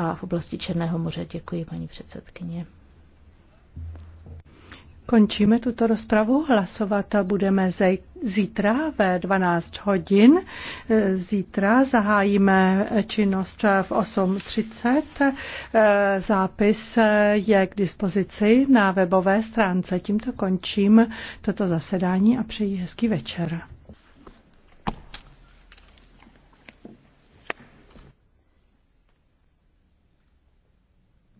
a v oblasti Černého moře. Děkuji, paní předsedkyně. Končíme tuto rozpravu. Hlasovat budeme zítra ve 12 hodin. Zítra zahájíme činnost v 8.30. Zápis je k dispozici na webové stránce. Tímto končím toto zasedání a přeji hezký večer.